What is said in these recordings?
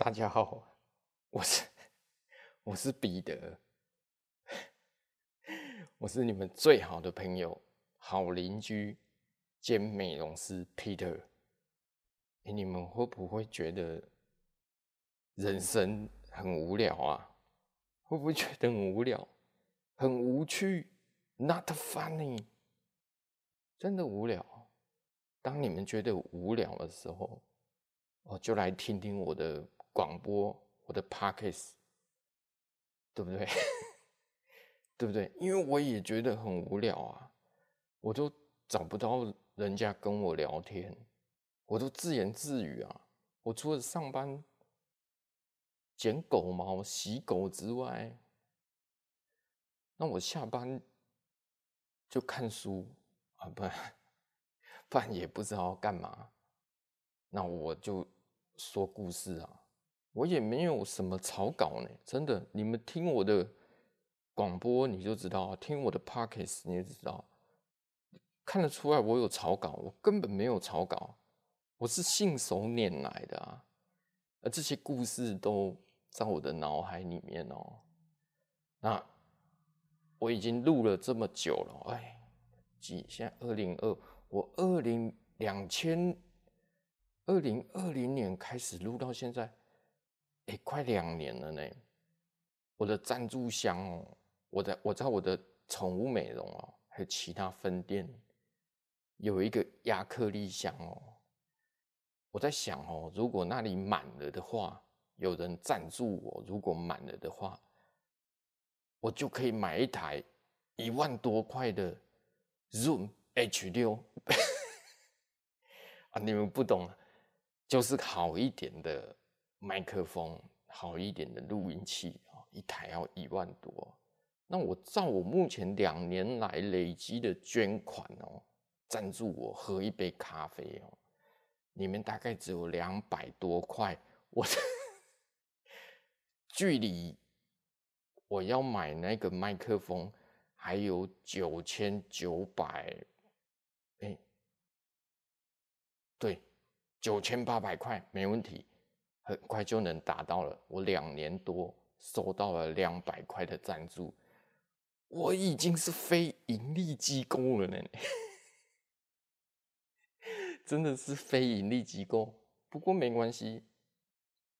大家好，我是我是彼得，我是你們最好的朋友、好鄰居兼美容師 Peter。你們會不會覺得人生很無聊啊？會不會覺得很無聊、很無趣？Not funny，真的無聊。當你們覺得無聊的時候，我就來聽聽我的。廣播，我的 Podcast，對不對？ 對不對？因為我也覺得很無聊啊，我都找不到人家跟我聊天，我都自言自語啊。我除了上班剪狗毛、洗狗之外，那我下班就看書啊，不然，不然也不知道要幹嘛。那我就說故事啊。我也沒有什麼草稿呢、欸，真的。你們聽我的廣播，你就知道；聽我的 podcast，你就知道。看得出來，我有草稿，我根本沒有草稿，我是信手拈來的啊。而這些故事都在我的腦海裡面哦、喔。那我已經錄了這麼久了，哎，幾現在二零二，我二零二零二零二零年開始錄到現在。欸，快兩年了呢。我的贊助箱哦、喔，我在我在我的寵物美容哦、喔，還有其他分店有一個亞克力箱哦、喔。我在想哦、喔，如果那裡滿了的話，有人贊助我；如果滿了的話，我就可以買一台一萬多塊的 Zoom H 六 啊。你們不懂，就是好一點的。麥克風好一點的錄音器一台要一萬多。那我照我目前兩年來累積的捐款哦，贊助我喝一杯咖啡哦，裡面，大概只有兩百多塊，我距離我要買那個麥克風還有九千九百，欸對，九千八百塊沒問題。很快就能達到了。我兩年多收到了兩百塊的贊助，我已經是非盈利機構了呢、欸，真的是非盈利機構。不過沒關係，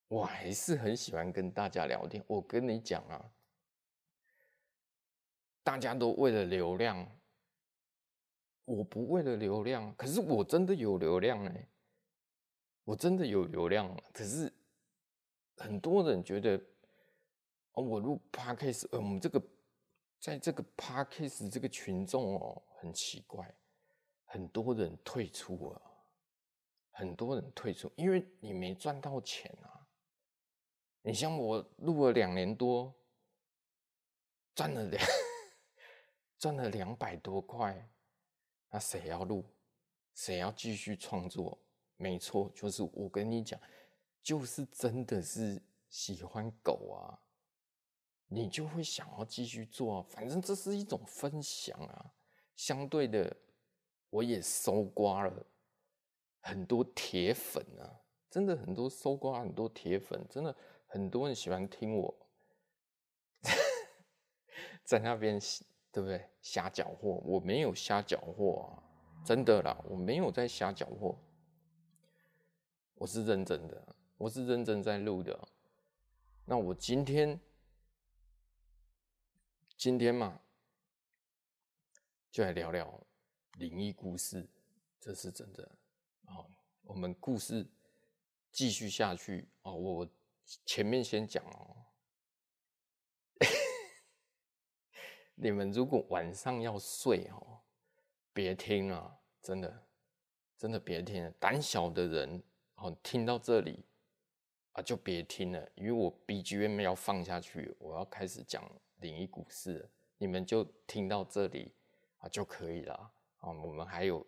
我還是很喜歡跟大家聊天。我跟你講啊，大家都為了流量，我不為了流量，可是我真的有流量哎、欸。我真的有流量，可是很多人覺得，哦，我錄 podcast，呃，我們這個在這個 podcast 這個群眾哦，很奇怪，很多人退出了，很多人退出，因為你沒賺到錢啊。你像我錄了兩年多，賺了兩賺了兩百多塊，那誰要錄？誰要繼續創作？沒錯，就是我跟你講，就是真的是喜歡狗啊，你就會想要繼續做啊。反正這是一種分享啊。相對的，我也搜刮了很多鐵粉啊，真的很多搜刮很多鐵粉，真的很多人喜歡聽我， 在那邊對不對？瞎攪和，我沒有瞎攪和啊，真的啦，我沒有在瞎攪和。我是認真的，我是認真在錄的。那我今天，今天嘛，就來聊聊靈異故事，這是真的。我們故事繼續下去。哦，我前面先講哦，你們如果晚上要睡哦，別聽啊，真的，真的別聽。膽小的人。好，聽到這裡啊，就別聽了，因為我 BGM 要放下去，我要開始講靈異故事，你們就聽到這裡啊就可以了啊，我們還有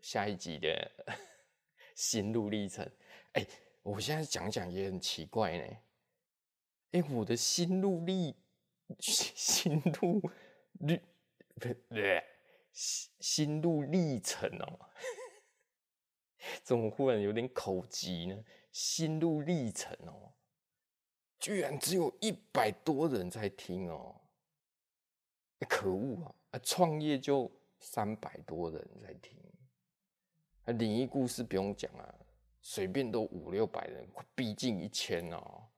下一集的 心路歷程。哎、欸，我現在講講也很奇怪呢，哎、欸，我的心路歷心路歷，對，心心路歷程哦、喔。怎麼忽然有點口疾呢？心路歷程哦、喔，居然只有一百多人在聽哦、喔欸，可惡啊！啊，創業就三百多人在聽，啊，靈異故事不用講了、啊，隨便都五六百人，快逼近一千了，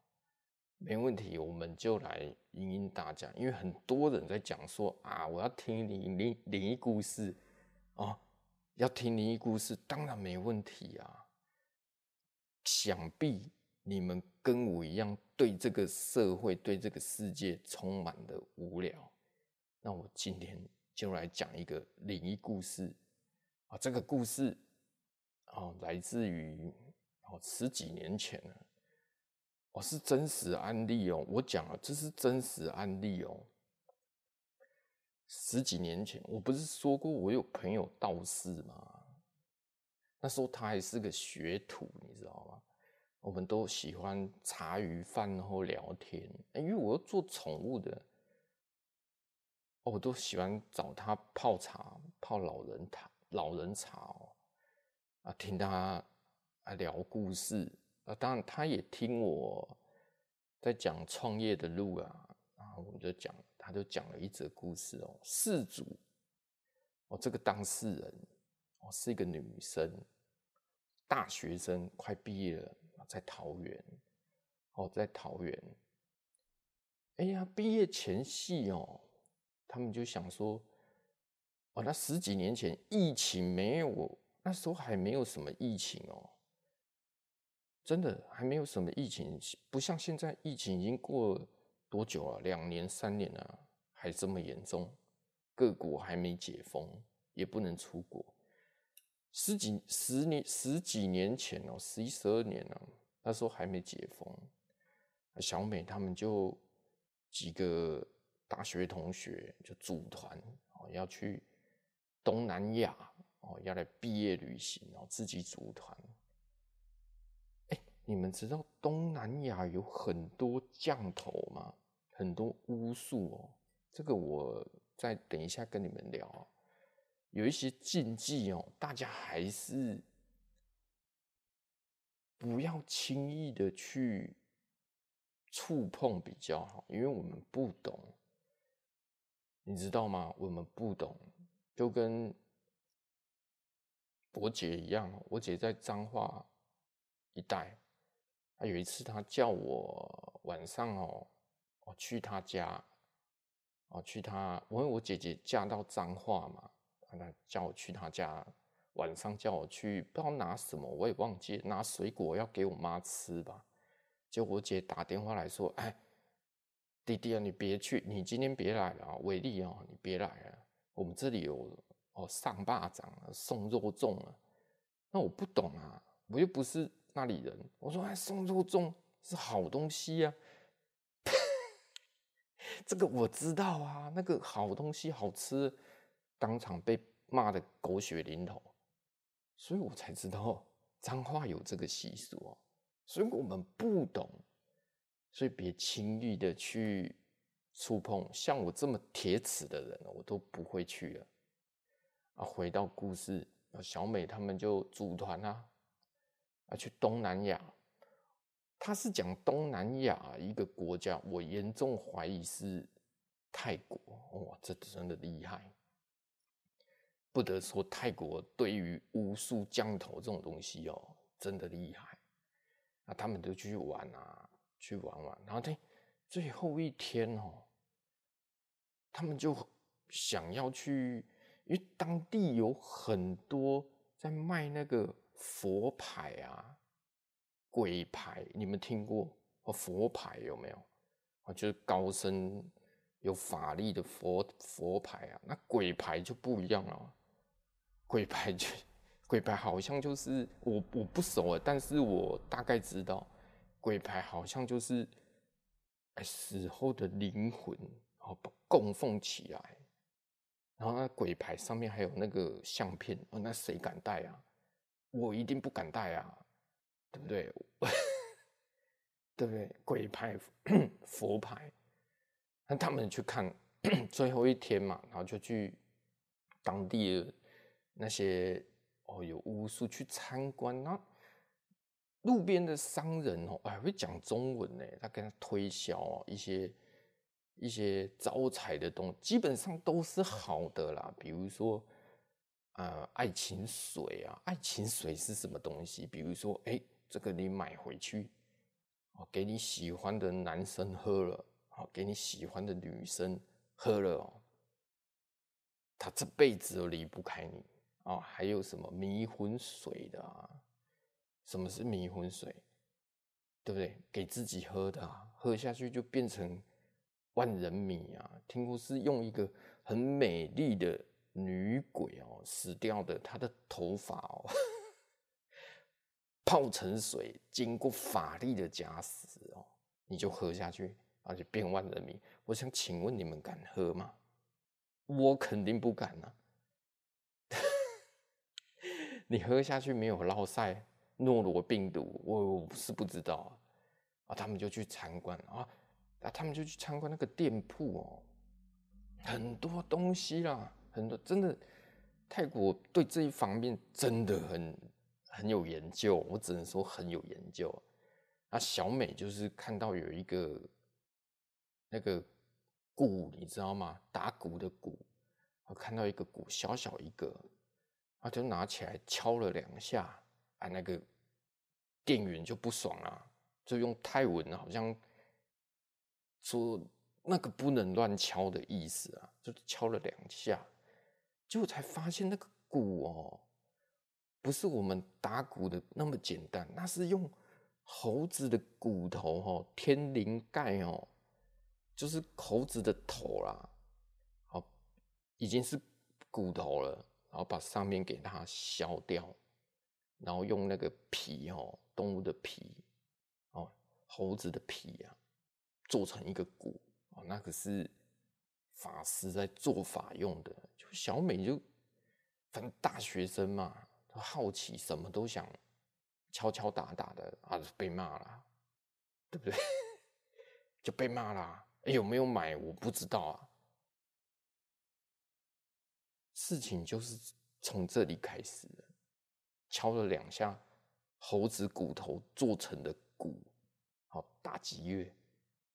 沒問題，我們就來應應大家，因為很多人在講說啊，我要聽靈靈靈異故事啊。要聽靈異故事，當然沒問題啊！想必你們跟我一樣，對這個社會、對這個世界充滿了無聊。那我今天就來講一個靈異故事啊！這個故事哦、啊，來自於、啊、十幾年前了、啊、是真實案例哦，我講了，這是真實案例哦。十幾年前，我不是說過我有朋友道士嗎？那時候他還是個學徒，你知道嗎？我們都喜歡茶餘飯後聊天，欸、因為我要做寵物的、哦，我都喜歡找他泡茶，泡老人茶，老人茶哦，啊，聽他啊聊故事，啊，當然他也聽我在講創業的路啊，然、啊、後我就講。他就講了一則故事哦、喔，事主哦、喔，這個當事人哦、喔，是一個女生，大學生快畢業了，在桃園哦，在桃園，哎、喔欸、呀，畢業前夕哦、喔，他們就想說哦、喔，那十幾年前疫情沒有，那時候還沒有什麼疫情哦、喔，真的還沒有什麼疫情，不像現在疫情已經過。多久了、啊？兩年、三年了、啊，還這麼嚴重？各國還沒解封，也不能出國。十幾、十年、十幾年前哦、喔，十一、十二年了、啊，那時候還沒解封，小美他們就幾個大學同學就組團哦、喔，要去東南亞哦、喔，要來畢業旅行哦、喔，自己組團。哎、欸，你們知道東南亞有很多降頭嗎？很多巫術哦，這個我再等一下跟你們聊哦，有一些禁忌哦，大家還是不要輕易的去觸碰比較好，因為我們不懂。你知道嗎？我們不懂，就跟我姐一樣。我姐在彰化一帶，她有一次她叫我晚上哦。去他家，哦，去他，因為我姐姐嫁到彰化嘛，他叫我去他家，晚上叫我去，不知道拿什麼，我也忘記拿水果要給我媽吃吧。結果我姐，姐打電話來說：“哎、欸，弟弟啊，你別去，你今天別來了，偉力啊，你別來了，我們這裡有哦上巴掌送肉粽了。”那我不懂啊，我又不是那裡人，我說：“哎、欸，送肉粽是好東西呀、啊。”這個我知道啊，那個好東西好吃，當場被罵的狗血淋頭，所以我才知道髒話有這個習俗哦。所以我們不懂，所以別輕易的去觸碰。像我這麼鐵齒的人，我都不會去了。啊，回到故事，小美他們就組團啊，啊，去東南亞。他是講東南亞一個國家，我嚴重懷疑是泰國。哇，這真的厲害，不得說泰國對於巫術降頭這種東西哦、喔，真的厲害。那他們都去玩啊，去玩玩，然後在最後一天哦、喔，他們就想要去，因為當地有很多在賣那個佛牌啊。鬼牌，你們聽過啊、哦？佛牌有沒有啊？就是高僧有法力的佛佛牌啊。那鬼牌就不一樣了，鬼牌就鬼牌好像就是我我不熟啊，但是我大概知道，鬼牌好像就是、欸、死後的靈魂、哦，供奉起來，然後那鬼牌上面還有那個相片，哦、那誰敢戴啊？我一定不敢戴啊。對不對？ 對不對？鬼牌、 佛牌，那他們去看 最後一天嘛，然後就去當地的那些哦，有巫術去參觀。那路邊的商人哦，哎會講中文呢，他跟他推銷、哦、一些一些招財的東西，基本上都是好的啦。比如說、呃、愛情水啊，愛情水是什麼東西？比如說哎。欸這個你買回去，哦，給你喜歡的男生喝了，哦，給你喜歡的女生喝了，哦，他這輩子都離不開你，啊，哦，還有什麼迷魂水的啊？什麼是迷魂水？對不對？給自己喝的啊，喝下去就變成萬人迷啊。聽說是用一個很美麗的女鬼哦死掉的，她的頭髮哦。泡成水，經過法力的加持哦，你就喝下去，而且變萬人迷。我想請問你們敢喝嗎？我肯定不敢啊！ 你喝下去沒有落塞諾羅病毒，我我是不知道啊，啊。他們就去參觀啊，啊，他們就去參觀那個店鋪哦，很多東西啦，很多真的，泰國對這一方面真的很。很有研究，我只能說很有研究啊。那小美就是看到有一個那個鼓，你知道嗎？打鼓的鼓，我看到一個鼓，小小一個，她啊就拿起來敲了兩下，啊，那個店員就不爽了啊，就用泰文好像說那個不能亂敲的意思啊，就敲了兩下，結果才發現那個鼓哦、喔。不是我們打鼓的那麼簡單，那是用猴子的骨頭哦，天靈蓋哦，就是猴子的頭啦，好，已經是骨頭了，然後把上面給它削掉，然後用那個皮哦，動物的皮哦，猴子的皮啊，做成一個鼓哦，那可是法師在做法用的，就小美就，很大學生嘛。好奇什麼都想敲敲打打的啊，被罵了、啊，對不對？ 就被罵啦、啊！有沒有買我不知道啊。事情就是從這裡開始了，敲了兩下猴子骨頭做成的鼓，好、哦、大幾月，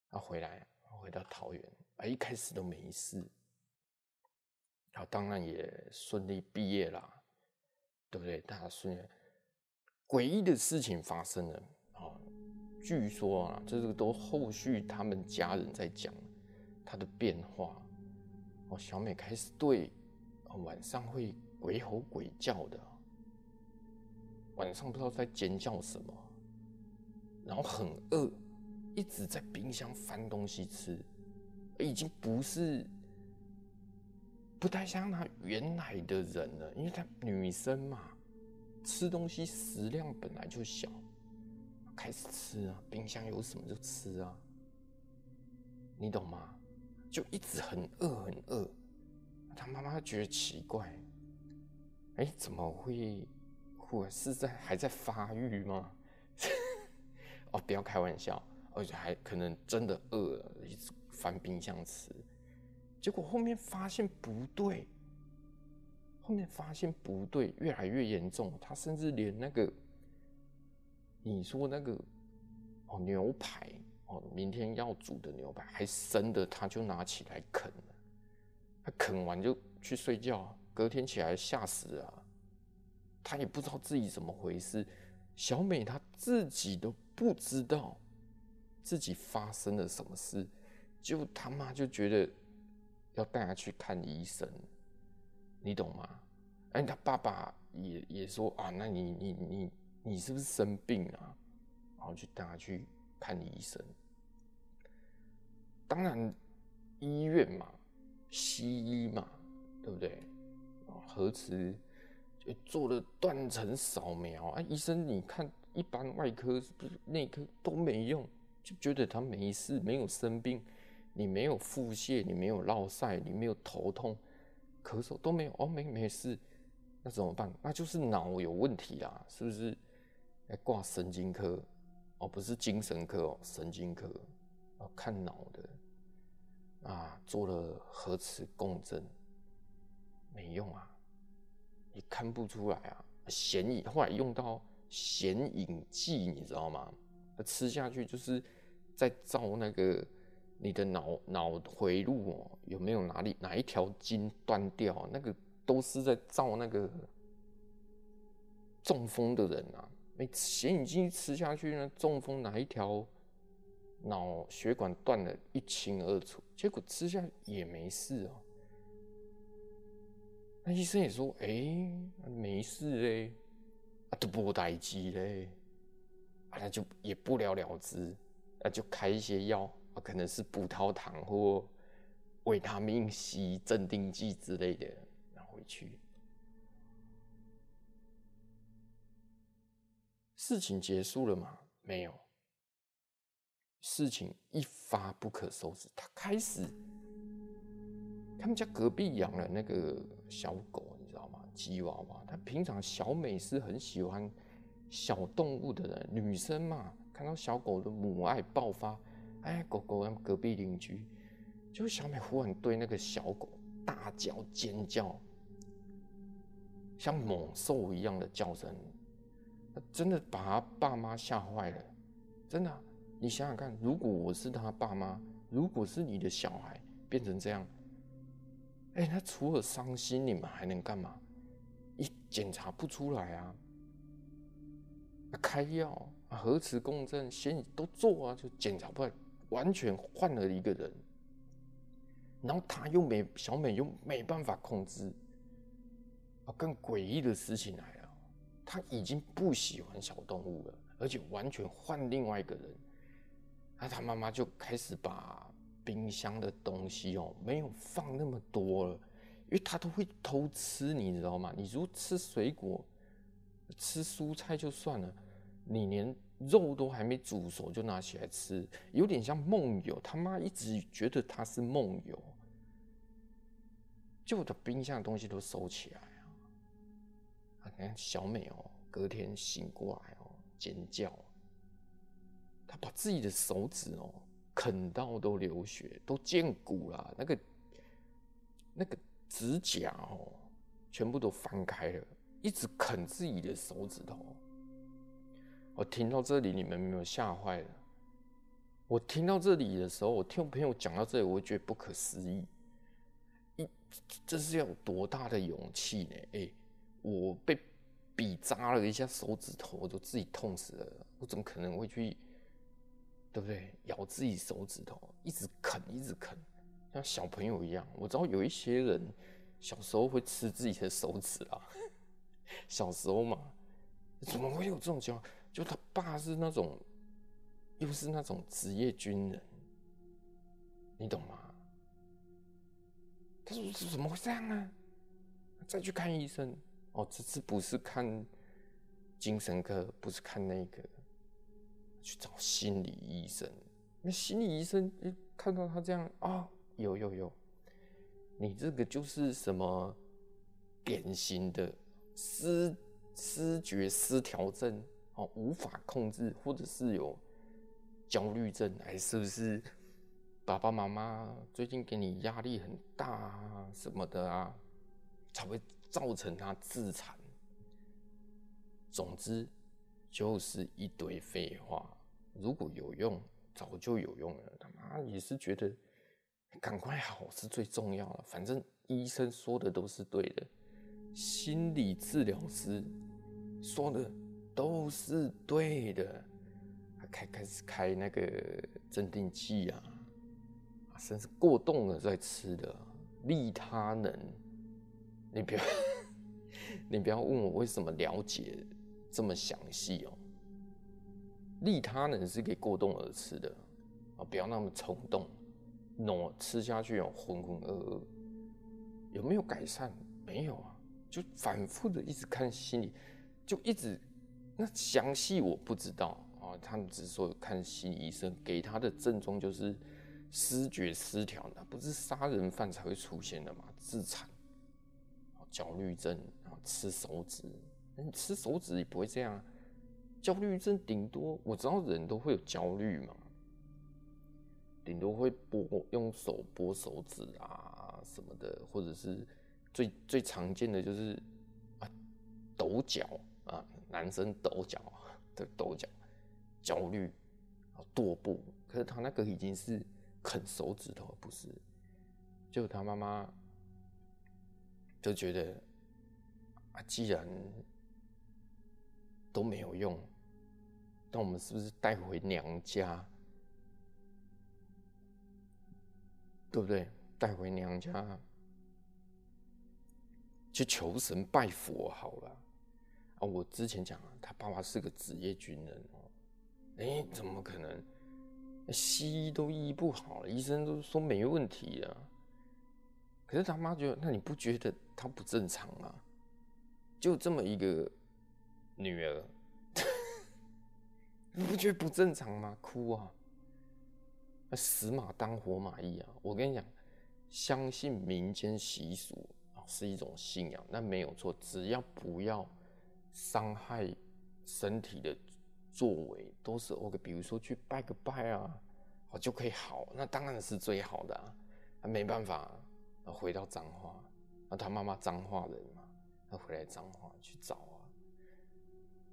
他、啊、回來回到桃園，哎、啊，一開始都沒事，好、啊、當然也順利畢業了、啊。對不對？大家說詭異的事情發生了啊、哦！據說啊，這個都後續他們家人在講他的變化哦。小美開始對、哦、晚上會鬼吼鬼叫的，晚上不知道在尖叫什麼，然後很餓，一直在冰箱翻東西吃，已經不是。不太像他原來的人了，因為他女生嘛，吃東西食量本來就小，開始吃啊，冰箱有什麼就吃啊，你懂嗎？就一直很餓很餓，他媽媽覺得奇怪，哎、欸，怎麼會？我是在還在發育嗎？ 哦，不要開玩笑，而且還可能真的餓了，一直翻冰箱吃。結果後面發現不對，後面發現不對，越來越嚴重。他甚至連那個，你說那個，哦，牛排哦，明天要煮的牛排還生的，他就拿起來啃了。他啃完就去睡覺，隔天起來嚇死啊！他也不知道自己怎麼回事。小美她自己都不知道自己發生了什麼事，就他媽就覺得。要帶他去看醫生，你懂嗎？欸、他爸爸也也說啊，那你你你你是不是生病了、啊？然後就帶他去看醫生。當然，醫院嘛，西醫嘛，對不對？核磁就做了斷層掃描，啊、欸，醫生你看，一般外科是不是內科都沒用，就覺得他沒事，沒有生病。你沒有腹瀉，你沒有落曬，你沒有頭痛、咳嗽都沒有，哦，沒沒事，那怎麼辦？那就是腦有問題啦，是不是？哎，掛神經科，哦，不是精神科哦，神經科，哦，看腦的，啊，做了核磁共振，沒用啊，你看不出來啊，顯影，後來用到顯影劑，你知道嗎？吃下去就是在照那個。你的腦腦回路哦、喔，有沒有哪裡哪一條筋斷掉？那個都是在照那個中風的人啊，那顯影劑吃下去呢，中風哪一條腦血管斷了一清二楚，結果吃下也沒事哦、喔。那醫生也說，哎、欸，沒事嘞、欸，啊，都不待機嘞，啊，那就也不了了之，那、啊、就開一些藥。啊、可能是葡萄糖或維他命 C、鎮定劑之類的拿、啊、回去。事情結束了嗎？沒有，事情一發不可收拾。他開始，他們家隔壁養了那個小狗，你知道嗎？吉娃娃。他平常小美是很喜歡小動物的人，女生嘛，看到小狗的母愛爆發。哎，狗狗，隔壁鄰居，就小美忽然對那個小狗大叫尖叫，像猛獸一樣的叫聲，真的把他爸媽嚇壞了。真的、啊，你想想看，如果我是他爸媽，如果是你的小孩變成這樣，哎、欸，他除了傷心，你們還能幹嘛？你檢查不出來啊，啊開藥、啊、核磁共振、先都做啊，就檢查不出來。完全換了一個人，然後他又沒，小美又沒辦法控制，啊，更詭異的事情來了，他已經不喜歡小動物了，而且完全換另外一個人，那他媽媽就開始把冰箱的東西哦，沒有放那麼多了，因為他都會偷吃，你知道嗎？你如果吃水果、吃蔬菜就算了，你連。肉都還沒煮熟就拿起來吃，有點像夢遊。他媽一直覺得他是夢遊，就把冰箱的東西都收起來啊！你看小美哦、喔，隔天醒過來哦、喔，尖叫，他把自己的手指哦、喔，啃到都流血，都見骨啦，那個那個指甲哦、喔，全部都翻開了，一直啃自己的手指頭。我聽到這裡，你們沒有嚇壞了？我聽到這裡的時候，我聽我朋友講到這裡，我覺得不可思議。一，這是要有多大的勇氣呢？哎、欸，我被筆扎了一下手指頭，我都自己痛死了。我怎麼可能會去，對不對？咬自己手指頭，一直啃，一直啃，像小朋友一樣。我知道有一些人小時候會吃自己的手指啊，小時候嘛，怎麼會有這種情況？欸就他爸是那種，又是那種職業軍人，你懂嗎？他說他怎麼會這樣啊？再去看醫生哦，這次不是看精神科，不是看那個，去找心理醫生。那心理醫生一看到他這樣啊、哦，有有有，你這個就是什麼典型的思思覺失調症。哦，無法控制，或者是有焦慮症，還、哎、是不是爸爸媽媽最近給你壓力很大、啊、什麼的啊，才會造成他自殘。總之就是一堆廢話，如果有用早就有用了。他媽也是覺得趕快好是最重要的，反正醫生說的都是對的，心理治療師說的。都是對的，開開始開那個鎮定劑啊，啊，甚至過動了再吃的利他能，你不要，你不要問我為什麼了解這麼詳細哦。利他能是給過動而吃的啊，不要那麼衝動，喏，吃下去要渾渾噩噩，有沒有改善？沒有啊，就反覆的一直看心理，就一直。那詳細我不知道啊，他們只是說看心理醫生給他的症狀就是思覺思，思覺失調，那不是殺人犯才會出現的嘛？自殘、啊，焦慮症，啊，吃手指，那、嗯、吃手指也不會這樣、啊，焦慮症頂多我知道人都會有焦慮嘛，頂多會撥用手撥手指啊什麼的，或者是最最常見的就是啊抖腳啊。男生抖腳對，抖腳焦慮，啊踱步。可是他那個已經是啃手指頭，不是，就他媽媽就覺得啊，既然都沒有用，那我們是不是帶回娘家，對不對？帶回娘家去求神拜佛好了。我之前講啊，他爸爸是個職業軍人哦，哎、欸，怎麼可能？西醫都醫不好了，醫生都說沒問題啊。可是他媽覺得，那你不覺得他不正常嗎、啊？就這麼一個女兒， 你不覺得不正常嗎？哭啊！死馬當活馬醫啊！我跟你講，相信民間習俗啊，是一種信仰，那沒有錯，只要不要。傷害身體的作為都是 OK，哦、比如說去拜個拜啊，啊，就可以好，那當然是最好的啊，他、啊、沒辦法，啊、回到彰化，那、啊、他媽媽彰化人嘛、啊，他、啊、回來彰化去找啊，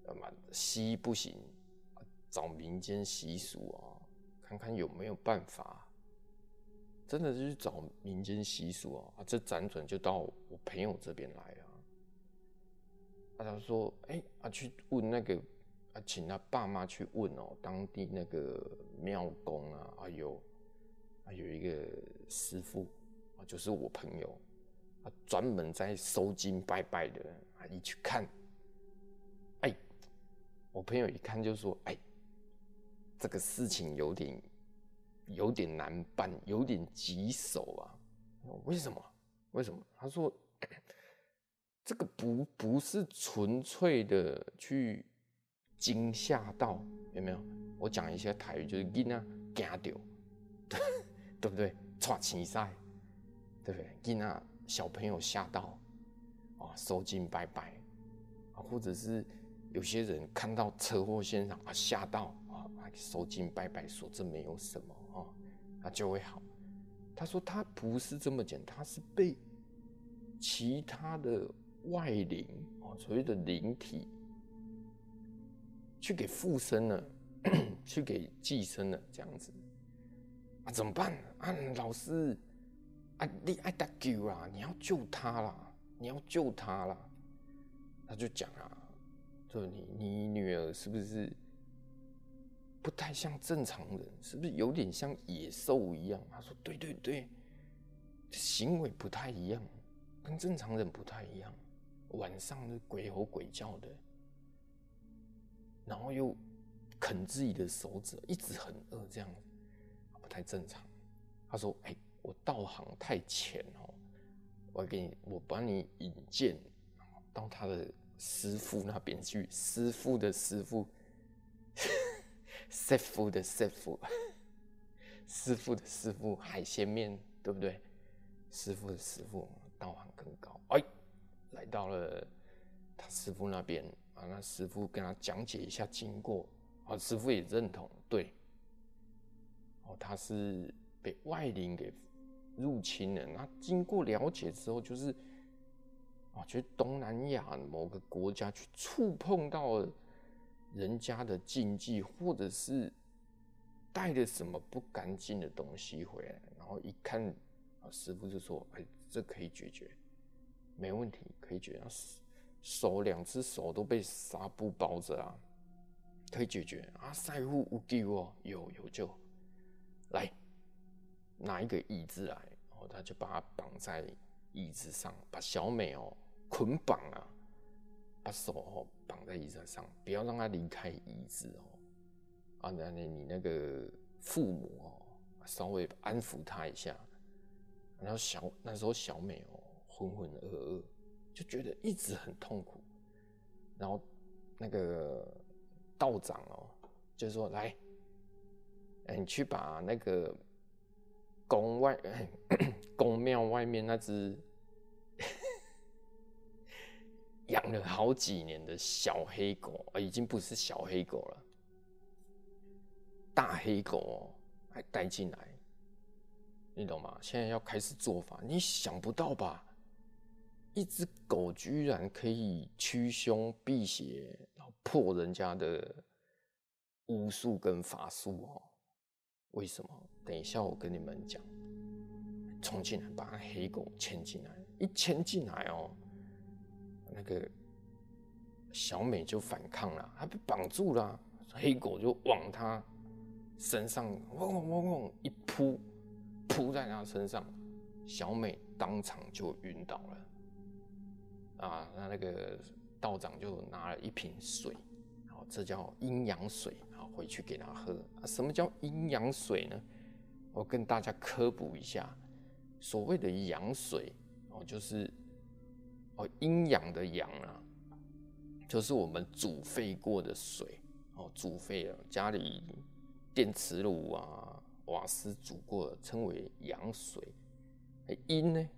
那、啊、麼西醫不行，啊、找民間習俗啊，看看有沒有辦法，真的就是找民間習俗啊，啊這輾轉就到我朋友這邊來了。啊、他就說，哎、欸，啊，去問那個，啊，請他爸媽去問哦、喔，當地那個廟公啊，啊，有，啊有一個師傅啊，就是我朋友，啊，專門在收驚拜拜的，啊，一去看，哎、欸，我朋友一看就說，哎、欸，這個事情有點，有點難辦，有點棘手啊，為什麼？為什麼？他說。欸這個不不是純粹的去驚嚇到，有沒有？我講一些台語，就是囡啊，驚 到，對 對不對？抓起塞，對不對？驚啊，小朋友嚇到，啊、哦，收驚拜拜，或者是有些人看到車禍現場啊，嚇到啊，收驚、哦、拜拜，說這沒有什麼啊、哦，那就會好。他說他不是這麼講，他是被其他的。外靈哦，所謂的靈體，去給附身了， 去給寄生了，這樣子，啊，怎麼辦啊？老師，啊，你愛搭救啊，你要救他啦，你要救他啦。他就講啊，就你你女兒是不是不太像正常人？是不是有點像野獸一樣？他說：對對對，行為不太一樣，跟正常人不太一樣。晚上就鬼吼鬼叫的，然後又啃自己的手指，一直很餓，這樣不太正常。他說：“哎、欸，我道行太淺哦，我給你，我把你引薦到他的師傅那邊去，師傅的師傅， food, 師傅的師傅，師傅的師傅，海鮮麵對不對？師傅的師傅，道行更高。欸”哎。來到了他師傅那邊啊，那師傅跟他講解一下經過啊，師傅也認同，對，哦，他是被外靈給入侵了。那經過了解之後、就是啊，就是啊，覺得東南亞某個國家去觸碰到人家的禁忌，或者是帶着什麼不乾淨的東西回來，然後一看啊，師傅就說：“哎、欸，這可以解決。”沒問題，可以解決。手兩隻手都被紗布包着啊，可以解決啊。賽戶無救哦，有，有救。來，拿一個椅子來，然、哦、後他就把他綁在椅子上，把小美哦捆綁啊，把手哦綁在椅子上，不要讓她離開椅子哦。啊，那你你那個父母哦，稍微安撫她一下。然後小那時候小美哦。渾渾噩噩，就覺得一直很痛苦，然後那個道長哦、喔，就說來、欸，你去把那個宮外宮廟、欸、外面那隻養 了好幾年的小黑狗、欸，已經不是小黑狗了，大黑狗哦、喔，帶進來，你懂嗎？現在要開始做法，你想不到吧？一隻狗居然可以驅凶避邪，然後破人家的巫術跟法術哦？為什麼？等一下我跟你們講。衝進來，把黑狗牽進來，一牽進來哦，那個小美就反抗了，她被綁住了啊，黑狗就往她身上嗡嗡嗡嗡一撲，撲在她身上，小美當場就暈倒了。啊，那那個道長就拿了一瓶水，哦，這叫陰陽水，然後回去給他喝。啊，什麼叫陰陽水呢？我跟大家科普一下，所謂的陽水哦，就是哦陰陽的陽啊，就是我們煮沸過的水哦，煮沸了，家裡電磁爐啊、瓦斯煮過的稱為陽水，陰呢，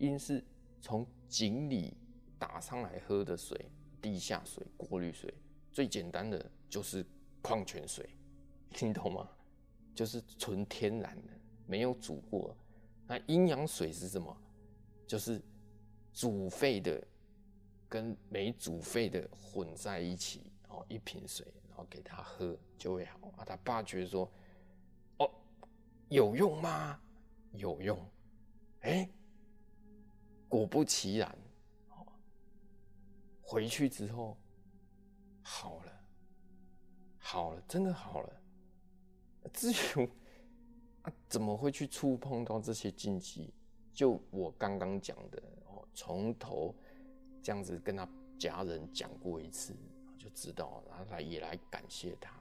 陰是從。井裡打上來喝的水，地下水、過濾水，最簡單的就是礦泉水，聽懂嗎？就是純天然的，沒有煮過。那陰陽水是什麼？就是煮沸的跟沒煮沸的混在一起，然後一瓶水，然後給他喝就會好。啊，他爸覺得說，哦，有用嗎？有用，哎、欸。果不其然，哦，回去之後好了，好了，真的好了。至於啊，怎麼會去觸碰到這些禁忌？就我剛剛講的哦，從頭這樣子跟他家人講過一次，就知道了，然後他也來感謝他。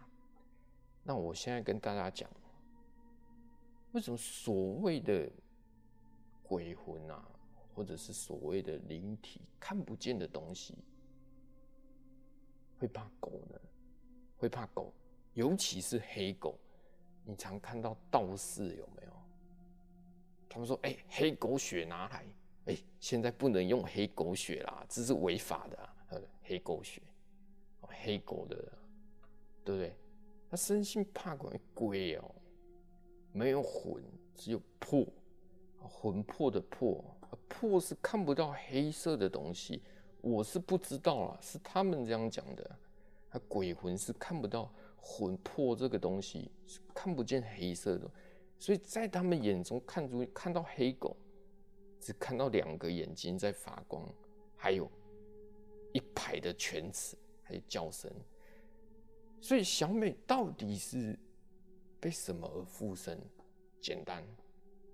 那我現在跟大家講，為什麼所謂的鬼魂啊？或者是所謂的靈體看不見的東西，會怕狗的，會怕狗，尤其是黑狗。你常看到道士有沒有？他們說：“哎、欸，黑狗血拿來！”哎、欸，現在不能用黑狗血啦，這是違法的、啊。黑狗血、喔，黑狗的，對不對？他生性怕鬼哦、喔，沒有魂，只有魄，魂魄的魄。魄是看不到黑色的東西，我是不知道啊，是他們這樣講的。鬼魂是看不到魂魄這個東西，是看不見黑色的，所以在他們眼中看出看到黑狗，只看到兩個眼睛在發光，還有一排的犬齒，還有叫聲。所以小美到底是被什麼而附身？簡單，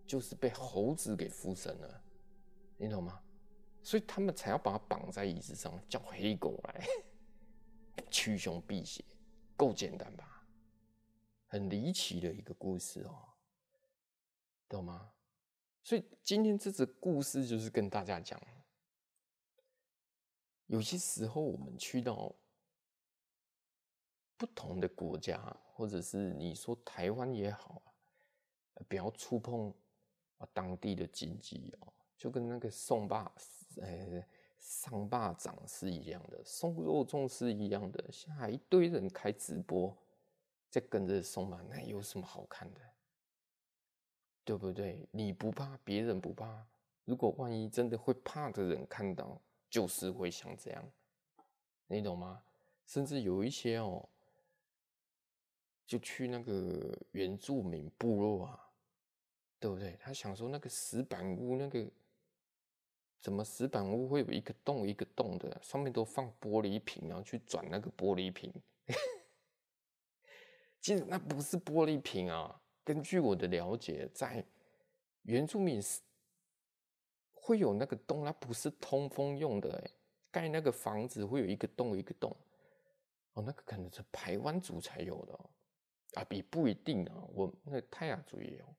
就是被猴子給附身了。你懂嗎？所以他們才要把他綁在椅子上，叫黑狗來驅凶避邪，夠簡單吧？很離奇的一個故事哦、喔，懂嗎？所以今天這個故事就是跟大家講，有些時候我們去到不同的國家，或者是你說台灣也好，不要觸碰當地的禁忌哦、喔。就跟那個宋霸，呃，上霸長是一樣的，送肉粽是一樣的，下一堆人開直播在跟着送嘛，那有什麼好看的，對不對？你不怕，別人不怕。如果萬一真的會怕的人看到，就是會像這樣，你懂嗎？甚至有一些哦，就去那個原住民部落啊，對不對？他想說那個石板屋那個。怎麼石板屋會有一個洞一個洞的？上面都放玻璃瓶，然後去轉那個玻璃瓶。 其實那不是玻璃瓶啊。根據我的了解，在原住民是會有那個洞，它不是通風用的、欸。蓋那個房子會有一個洞一個洞。哦，那個可能是排灣族才有的、哦、啊，不不一定啊。我那泰雅族也有。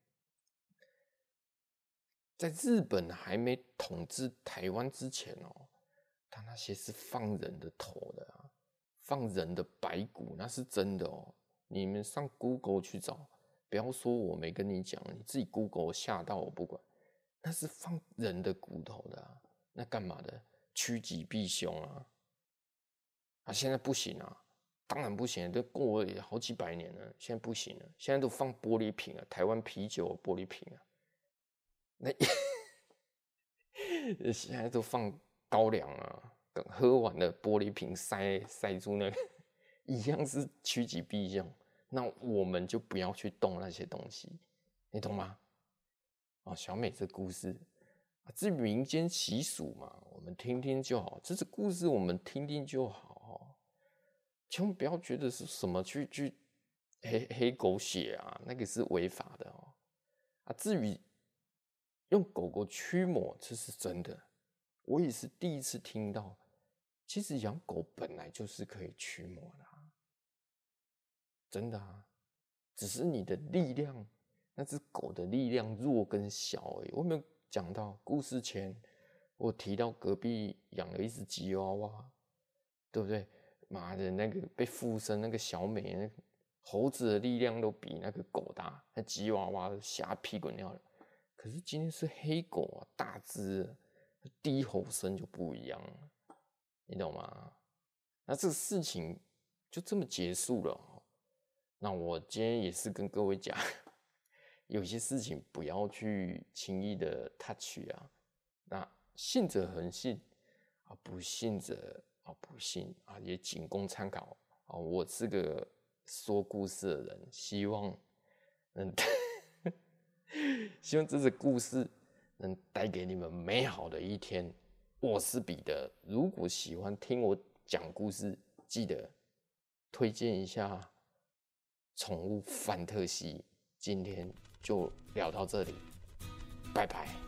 在日本還沒統治台灣之前哦、喔，他那些是放人的頭的、啊，放人的白骨，那是真的哦、喔。你們上 Google 去找，不要說我沒跟你講，你自己 Google 嚇到我不管。那是放人的骨頭的、啊，那幹嘛的？趨吉避凶啊！啊，現在不行啊，當然不行，都過了也好幾百年了，現在不行了，現在都放玻璃瓶啊，台灣啤酒玻璃瓶啊。那 現在都放高粱啊，等喝完了玻璃瓶塞塞住那個，一樣是趨吉避凶。那我們就不要去動那些東西，你懂嗎？啊、哦，小美這故事、啊、至於民間習俗嘛，我們聽聽就好。這是故事，我們聽聽就好、哦，千萬不要覺得是什麼去去黑黑狗血啊，那個是違法的哦。啊，至於。用狗狗驅魔，這是真的，我也是第一次聽到。其實養狗本來就是可以驅魔的啊，真的啊。只是你的力量，那隻狗的力量弱跟小而已。我有沒有講到故事前，我提到隔壁養了一隻吉娃娃，對不對？媽的，那個被附身那個小美，猴子的力量都比那個狗大，那吉娃娃都嚇屁滾尿了。可是今天是黑狗啊，大隻，低吼聲就不一樣了，你懂嗎？那這個事情就這麼結束了。那我今天也是跟各位講，有些事情不要去輕易的 touch 啊。那信者恆信，不信者不信啊，也僅供參考啊。我是個說故事的人，希望嗯。希望這個故事能帶給你們美好的一天。我是彼得，如果喜歡聽我講故事，記得推薦一下《寵物范特西》。今天就聊到這裡，拜拜。